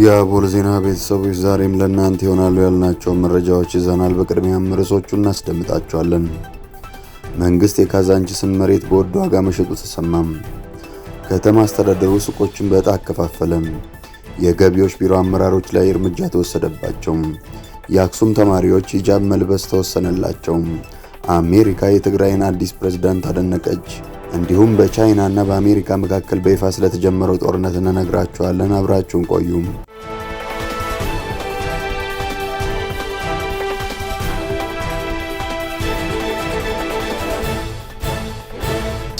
የአቦል ዜና ቤተሰቦች ዛሬም ለእናንተ ይሆናሉ ያልናቸው መረጃዎች ይዘናል። በቅድሚያም ርዕሶቹ እናስደምጣቸዋለን። መንግስት የካዛንቺስን መሬት በወድ ዋጋ መሸጡ ተሰማም። ከተማ አስተዳደሩ ሱቆችን በዕጣ አከፋፈለም። የገቢዎች ቢሮ አመራሮች ላይ እርምጃ ተወሰደባቸው። የአክሱም ተማሪዎች ሂጃብ መልበስ ተወሰነላቸው። አሜሪካ የትግራይን አዲስ ፕሬዝዳንት አደነቀች። እንዲሁም በቻይና እና በአሜሪካ መካከል በይፋ ስለተጀመረው ጦርነት እንነግራችኋለን። አብራችሁን ቆዩም።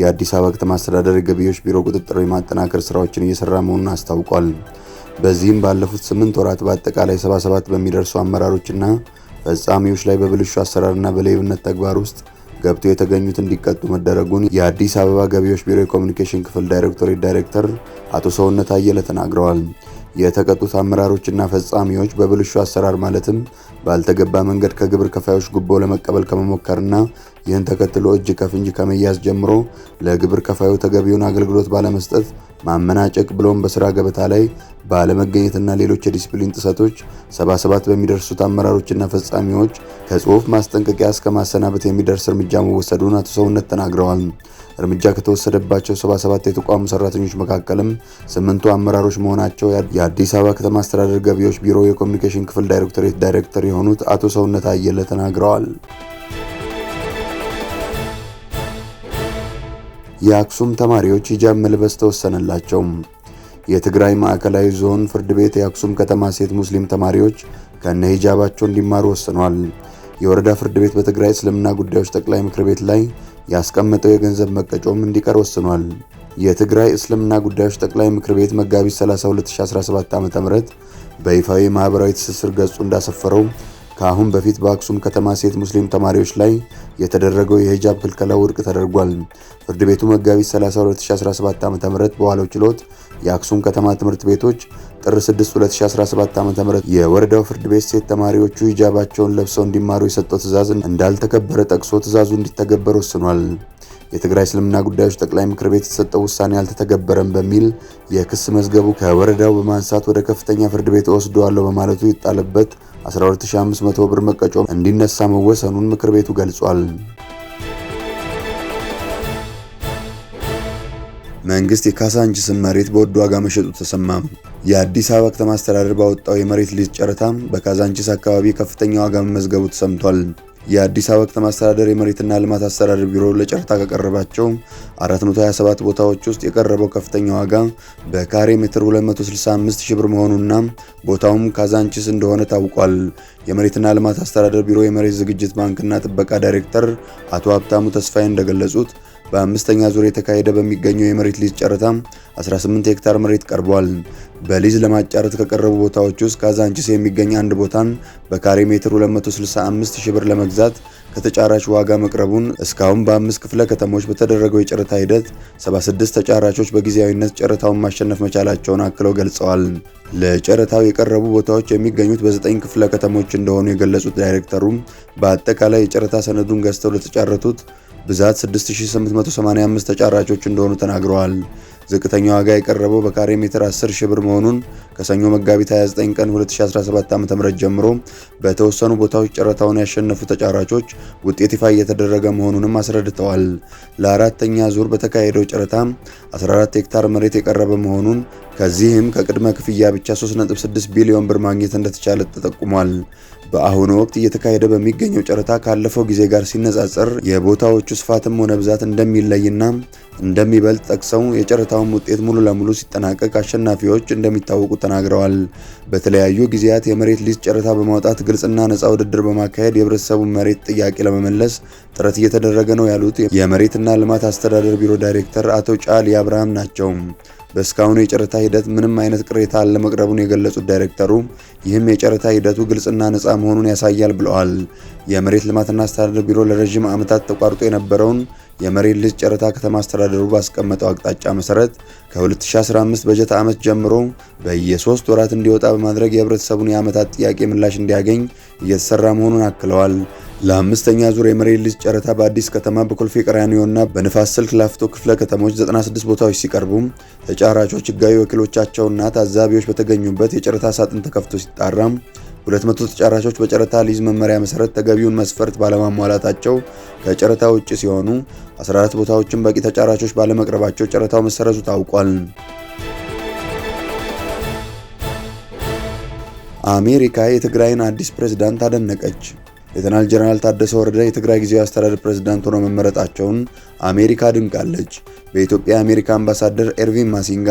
የአዲስ አበባ ከተማ አስተዳደር ገቢዎች ቢሮ ቁጥጥር የማጠናከር ስራዎችን እየሰራ መሆኑን አስታውቋል። በዚህም ባለፉት ስምንት ወራት በአጠቃላይ 77 በሚደርሱ አመራሮችና ፈጻሚዎች ላይ በብልሹ አሰራርና በሌብነት ተግባር ውስጥ ገብተው የተገኙት እንዲቀጡ መደረጉን የአዲስ አበባ ገቢዎች ቢሮ የኮሚኒኬሽን ክፍል ዳይሬክቶሬት ዳይሬክተር አቶ ሰውነት አየለ ተናግረዋል። የተቀጡት አመራሮችና ፈጻሚዎች በብልሹ አሰራር ማለትም ባልተገባ መንገድ ከግብር ከፋዮች ጉቦ ለመቀበል ከመሞከርና ይህን ተከትሎ እጅ ከፍንጅ ከመያዝ ጀምሮ ለግብር ከፋዩ ተገቢውን አገልግሎት ባለመስጠት ማመናጨቅ ብሎም በስራ ገበታ ላይ ባለመገኘትና ሌሎች የዲሲፕሊን ጥሰቶች 77 በሚደርሱት አመራሮችና ፈጻሚዎች ከጽሁፍ ማስጠንቀቂያ እስከ ማሰናበት የሚደርስ እርምጃ መወሰዱን አቶ ሰውነት ተናግረዋል። እርምጃ ከተወሰደባቸው 77 የተቋሙ ሰራተኞች መካከልም ስምንቱ አመራሮች መሆናቸው የአዲስ አበባ ከተማ አስተዳደር ገቢዎች ቢሮ የኮሚኒኬሽን ክፍል ዳይሬክቶሬት ዳይሬክተር የሆኑት አቶ ሰውነት አየለ ተናግረዋል። የአክሱም ተማሪዎች ሂጃብ መልበስ ተወሰነላቸው። የትግራይ ማዕከላዊ ዞን ፍርድ ቤት የአክሱም ከተማ ሴት ሙስሊም ተማሪዎች ከነ ሂጃባቸው እንዲማሩ ወስኗል። የወረዳ ፍርድ ቤት በትግራይ እስልምና ጉዳዮች ጠቅላይ ምክር ቤት ላይ ያስቀመጠው የገንዘብ መቀጮም እንዲቀር ወስኗል። የትግራይ እስልምና ጉዳዮች ጠቅላይ ምክር ቤት መጋቢት 30 2017 ዓ.ም በይፋዊ ማህበራዊ ትስስር ገጹ እንዳሰፈረው ከአሁን በፊት በአክሱም ከተማ ሴት ሙስሊም ተማሪዎች ላይ የተደረገው የሂጃብ ክልከላ ውድቅ ተደርጓል። ፍርድ ቤቱ መጋቢት 30 2017 ም በዋለው ችሎት የአክሱም ከተማ ትምህርት ቤቶች ጥር 6 2017 ዓ.ም የወረዳው ፍርድ ቤት ሴት ተማሪዎቹ ሂጃባቸውን ለብሰው እንዲማሩ የሰጠው ትዕዛዝ እንዳልተከበረ ጠቅሶ ትዕዛዙ እንዲተገበር ወስኗል። የትግራይ እስልምና ጉዳዮች ጠቅላይ ምክር ቤት የተሰጠው ውሳኔ አልተተገበረም በሚል የክስ መዝገቡ ከወረዳው በማንሳት ወደ ከፍተኛ ፍርድ ቤት ወስደዋለሁ በማለቱ ይጣልበት 12500 ብር መቀጮ እንዲነሳ መወሰኑን ምክር ቤቱ ገልጿል። መንግስት የካሳንችስን መሬት በውድ ዋጋ መሸጡ ተሰማ። የአዲስ አበባ ከተማ አስተዳደር ባወጣው የመሬት ሊዝ ጨረታ በካዛንችስ አካባቢ ከፍተኛ ዋጋ መመዝገቡ ተሰምቷል። የአዲስ አበባ ከተማ አስተዳደር የመሬትና ልማት አስተዳደር ቢሮ ለጨረታ ከቀረባቸው 427 ቦታዎች ውስጥ የቀረበው ከፍተኛ ዋጋ በካሬ ሜትር 265 ሺህ ብር መሆኑና ቦታውም ካዛንቺስ እንደሆነ ታውቋል። የመሬትና ልማት አስተዳደር ቢሮ የመሬት ዝግጅት ባንክና ጥበቃ ዳይሬክተር አቶ ሀብታሙ ተስፋዬ እንደገለጹት በአምስተኛ ዙር የተካሄደ በሚገኘው የመሬት ሊዝ ጨረታ 18 ሄክታር መሬት ቀርቧል። በሊዝ ለማጫረት ከቀረቡ ቦታዎች ውስጥ ካዛንቺስ የሚገኝ አንድ ቦታን በካሬ ሜትር 265 ሺ ብር ለመግዛት ከተጫራች ዋጋ መቅረቡን እስካሁን በአምስት ክፍለ ከተሞች በተደረገው የጨረታ ሂደት 76 ተጫራቾች በጊዜያዊነት ጨረታውን ማሸነፍ መቻላቸውን አክለው ገልጸዋል። ለጨረታው የቀረቡ ቦታዎች የሚገኙት በዘጠኝ ክፍለ ከተሞች እንደሆኑ የገለጹት ዳይሬክተሩም በአጠቃላይ የጨረታ ሰነዱን ገዝተው ለተጫረቱት ብዛት 6885 ተጫራቾች እንደሆኑ ተናግረዋል። ዝቅተኛ ዋጋ የቀረበው በካሬ ሜትር 10 ሺህ ብር መሆኑን ከሰኞ መጋቢት 29 ቀን 2017 ዓ.ም ጀምሮ በተወሰኑ ቦታዎች ጨረታውን ያሸነፉ ተጫራቾች ውጤት ይፋ እየተደረገ መሆኑንም አስረድተዋል። ለአራተኛ ዙር በተካሄደው ጨረታ 14 ሄክታር መሬት የቀረበ መሆኑን ከዚህም ከቅድመ ክፍያ ብቻ 3.6 ቢሊዮን ብር ማግኘት እንደተቻለ ተጠቁሟል። በአሁኑ ወቅት እየተካሄደ በሚገኘው ጨረታ ካለፈው ጊዜ ጋር ሲነጻጸር የቦታዎቹ ስፋትም ሆነ ብዛት እንደሚለይና እንደሚበልጥ ጠቅሰው የጨረታውን ውጤት ሙሉ ለሙሉ ሲጠናቀቅ አሸናፊዎች እንደሚታወቁ ተናግረዋል። በተለያዩ ጊዜያት የመሬት ሊዝ ጨረታ በማውጣት ግልጽና ነፃ ውድድር በማካሄድ የህብረተሰቡን መሬት ጥያቄ ለመመለስ ጥረት እየተደረገ ነው ያሉት የመሬትና ልማት አስተዳደር ቢሮ ዳይሬክተር አቶ ጫሊ አብርሃም ናቸው። በእስካሁኑ የጨረታ ሂደት ምንም አይነት ቅሬታ አለመቅረቡን የገለጹት ዳይሬክተሩ ይህም የጨረታ ሂደቱ ግልጽና ነፃ መሆኑን ያሳያል ብለዋል። የመሬት ልማትና አስተዳደር ቢሮ ለረዥም ዓመታት ተቋርጦ የነበረውን የመሬት ልጅ ጨረታ ከተማ አስተዳደሩ ባስቀመጠው አቅጣጫ መሰረት ከ2015 በጀት ዓመት ጀምሮ በየሶስት ወራት እንዲወጣ በማድረግ የህብረተሰቡን የዓመታት ጥያቄ ምላሽ እንዲያገኝ እየተሰራ መሆኑን አክለዋል። ለአምስተኛ ዙር የመሬት ሊዝ ጨረታ በአዲስ ከተማ በኮልፌ ቀራኒዮና በንፋስ ስልክ ላፍቶ ክፍለ ከተሞች 96 ቦታዎች ሲቀርቡ ተጫራቾች ሕጋዊ ወኪሎቻቸውና ታዛቢዎች በተገኙበት የጨረታ ሳጥን ተከፍቶ ሲጣራ 200 ተጫራቾች በጨረታ ሊዝ መመሪያ መሰረት ተገቢውን መስፈርት ባለማሟላታቸው ከጨረታ ውጭ ሲሆኑ 14 ቦታዎችን በቂ ተጫራቾች ባለመቅረባቸው ጨረታው መሰረዙ ታውቋል። አሜሪካ የትግራይን አዲስ ፕሬዝዳንት አደነቀች። ሌተናል ጀነራል ታደሰ ወረደ የትግራይ ጊዜያዊ አስተዳደር ፕሬዝዳንት ሆነ መመረጣቸውን አሜሪካ አድንቃለች። በኢትዮጵያ የአሜሪካ አምባሳደር ኤርቪን ማሲንጋ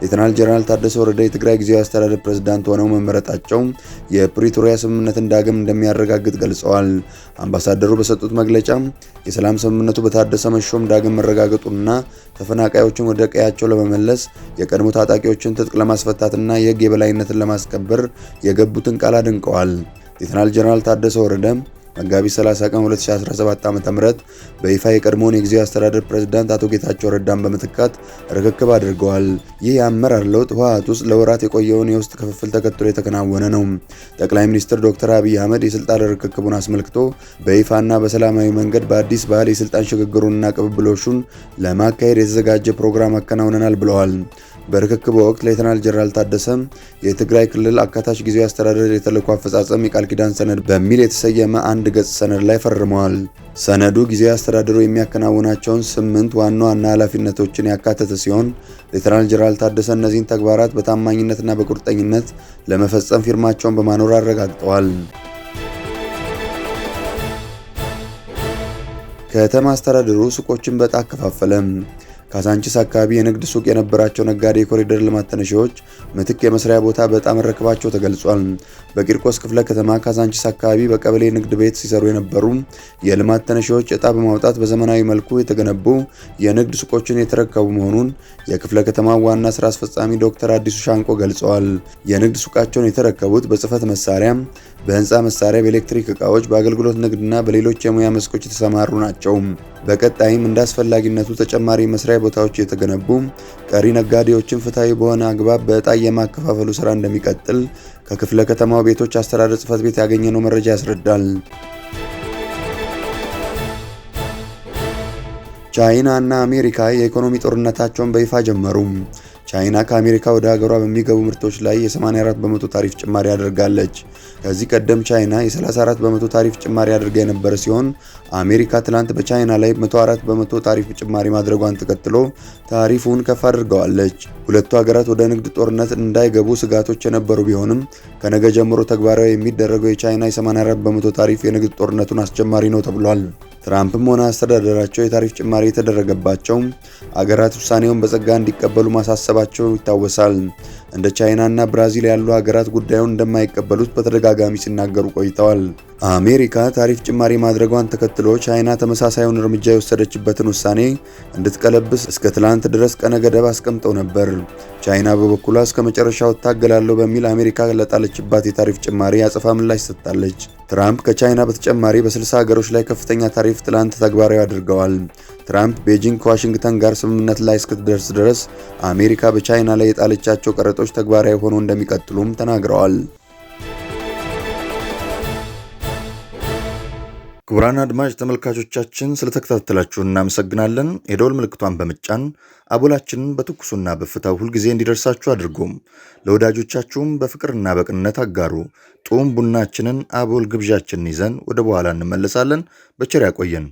ሌተናል ጀነራል ታደሰ ወረደ የትግራይ ጊዜያዊ አስተዳደር ፕሬዝዳንት ሆነው መመረጣቸው የፕሪቶሪያ ስምምነትን ዳግም እንደሚያረጋግጥ ገልጸዋል። አምባሳደሩ በሰጡት መግለጫ የሰላም ስምምነቱ በታደሰ መሾም ዳግም መረጋገጡና ተፈናቃዮችን ወደ ቀያቸው ለመመለስ የቀድሞ ታጣቂዎችን ትጥቅ ለማስፈታትና የሕግ የበላይነትን ለማስከበር የገቡትን ቃል አድንቀዋል። ሌተናል ጀነራል ታደሰ ወረደም መጋቢት 30 ቀን 2017 ዓ.ም በይፋ የቀድሞውን የጊዜያዊ አስተዳደር ፕሬዝዳንት አቶ ጌታቸው ረዳን በመተካት ርክክብ አድርገዋል። ይህ የአመራር ለውጥ ህወሓት ውስጥ ለወራት የቆየውን የውስጥ ክፍፍል ተከትሎ የተከናወነ ነው። ጠቅላይ ሚኒስትር ዶክተር አብይ አህመድ የስልጣን ርክክቡን አስመልክቶ በይፋና በሰላማዊ መንገድ በአዲስ ባህል የስልጣን ሽግግሩንና ቅብብሎሹን ለማካሄድ የተዘጋጀ ፕሮግራም አከናውነናል ብለዋል። በርክክብ ወቅት ሌተናል ጀነራል ታደሰ የትግራይ ክልል አካታች ጊዜ አስተዳደር የተልዕኮ አፈጻጸም የቃል ኪዳን ሰነድ በሚል የተሰየመ አንድ ገጽ ሰነድ ላይ ፈርመዋል። ሰነዱ ጊዜ አስተዳደሩ የሚያከናውናቸውን ስምንት ዋና ዋና ኃላፊነቶችን ያካተተ ሲሆን ሌተናል ጀነራል ታደሰ እነዚህን ተግባራት በታማኝነትና በቁርጠኝነት ለመፈጸም ፊርማቸውን በማኖር አረጋግጠዋል። ከተማ አስተዳደሩ ሱቆችን በጣ አከፋፈለም። ካዛንቺስ አካባቢ የንግድ ሱቅ የነበራቸው ነጋዴ የኮሪደር ልማት ተነሺዎች ምትክ የመስሪያ ቦታ በጣም መረከባቸው ተገልጿል። በቂርቆስ ክፍለ ከተማ ካዛንቺስ አካባቢ በቀበሌ ንግድ ቤት ሲሰሩ የነበሩ የልማት ተነሺዎች እጣ በማውጣት በዘመናዊ መልኩ የተገነቡ የንግድ ሱቆችን የተረከቡ መሆኑን የክፍለ ከተማው ዋና ስራ አስፈጻሚ ዶክተር አዲሱ ሻንቆ ገልጸዋል። የንግድ ሱቃቸውን የተረከቡት በጽህፈት መሳሪያ፣ በህንፃ መሳሪያ፣ በኤሌክትሪክ እቃዎች፣ በአገልግሎት ንግድና በሌሎች የሙያ መስኮች የተሰማሩ ናቸው። በቀጣይም እንዳስፈላጊነቱ ተጨማሪ መስሪያ ቦታዎች የተገነቡ ቀሪ ነጋዴዎችን ፍትሐዊ በሆነ አግባብ በእጣ የማከፋፈሉ ስራ እንደሚቀጥል ከክፍለ ከተማው ቤቶች አስተዳደር ጽሕፈት ቤት ያገኘነው መረጃ ያስረዳል። ቻይና እና አሜሪካ የኢኮኖሚ ጦርነታቸውን በይፋ ጀመሩ። ቻይና ከአሜሪካ ወደ ሀገሯ በሚገቡ ምርቶች ላይ የ84 በመቶ ታሪፍ ጭማሪ አድርጋለች። ከዚህ ቀደም ቻይና የ34 በመቶ ታሪፍ ጭማሪ አድርጋ የነበረ ሲሆን አሜሪካ ትላንት በቻይና ላይ 104 በመቶ ታሪፍ ጭማሪ ማድረጓን ተከትሎ ታሪፉን ከፍ አድርገዋለች። ሁለቱ ሀገራት ወደ ንግድ ጦርነት እንዳይገቡ ስጋቶች የነበሩ ቢሆንም ከነገ ጀምሮ ተግባራዊ የሚደረገው የቻይና የ84 በመቶ ታሪፍ የንግድ ጦርነቱን አስጀማሪ ነው ተብሏል። ትራምፕም ሆነ አስተዳደራቸው የታሪፍ ጭማሪ የተደረገባቸው አገራት ውሳኔውን በጸጋ እንዲቀበሉ ማሳሰባቸው ይታወሳል። እንደ ቻይናና ብራዚል ያሉ ሀገራት ጉዳዩን እንደማይቀበሉት በተደጋጋሚ ሲናገሩ ቆይተዋል። አሜሪካ ታሪፍ ጭማሪ ማድረጓን ተከትሎ ቻይና ተመሳሳዩን እርምጃ የወሰደችበትን ውሳኔ እንድትቀለብስ እስከ ትላንት ድረስ ቀነ ገደብ አስቀምጠው ነበር። ቻይና በበኩሏ እስከ መጨረሻው እታገላለሁ በሚል አሜሪካ ለጣለችባት የታሪፍ ጭማሪ አጸፋ ምላሽ ሰጥታለች። ትራምፕ ከቻይና በተጨማሪ በ60 ሀገሮች ላይ ከፍተኛ ታሪፍ ትላንት ተግባራዊ አድርገዋል። ትራምፕ ቤጂንግ ከዋሽንግተን ጋር ስምምነት ላይ እስክትደርስ ድረስ አሜሪካ በቻይና ላይ የጣለቻቸው ቀረጦች ተግባራዊ ሆኖ እንደሚቀጥሉም ተናግረዋል። ክቡራን አድማጭ ተመልካቾቻችን ስለተከታተላችሁ እናመሰግናለን። የደወል ምልክቷን በመጫን አቦላችንን በትኩሱና በፍታው ሁልጊዜ እንዲደርሳችሁ አድርጎም ለወዳጆቻችሁም በፍቅርና በቅንነት አጋሩ። ጡም ቡናችንን አቦል ግብዣችንን ይዘን ወደ በኋላ እንመለሳለን። በቸር ያቆየን።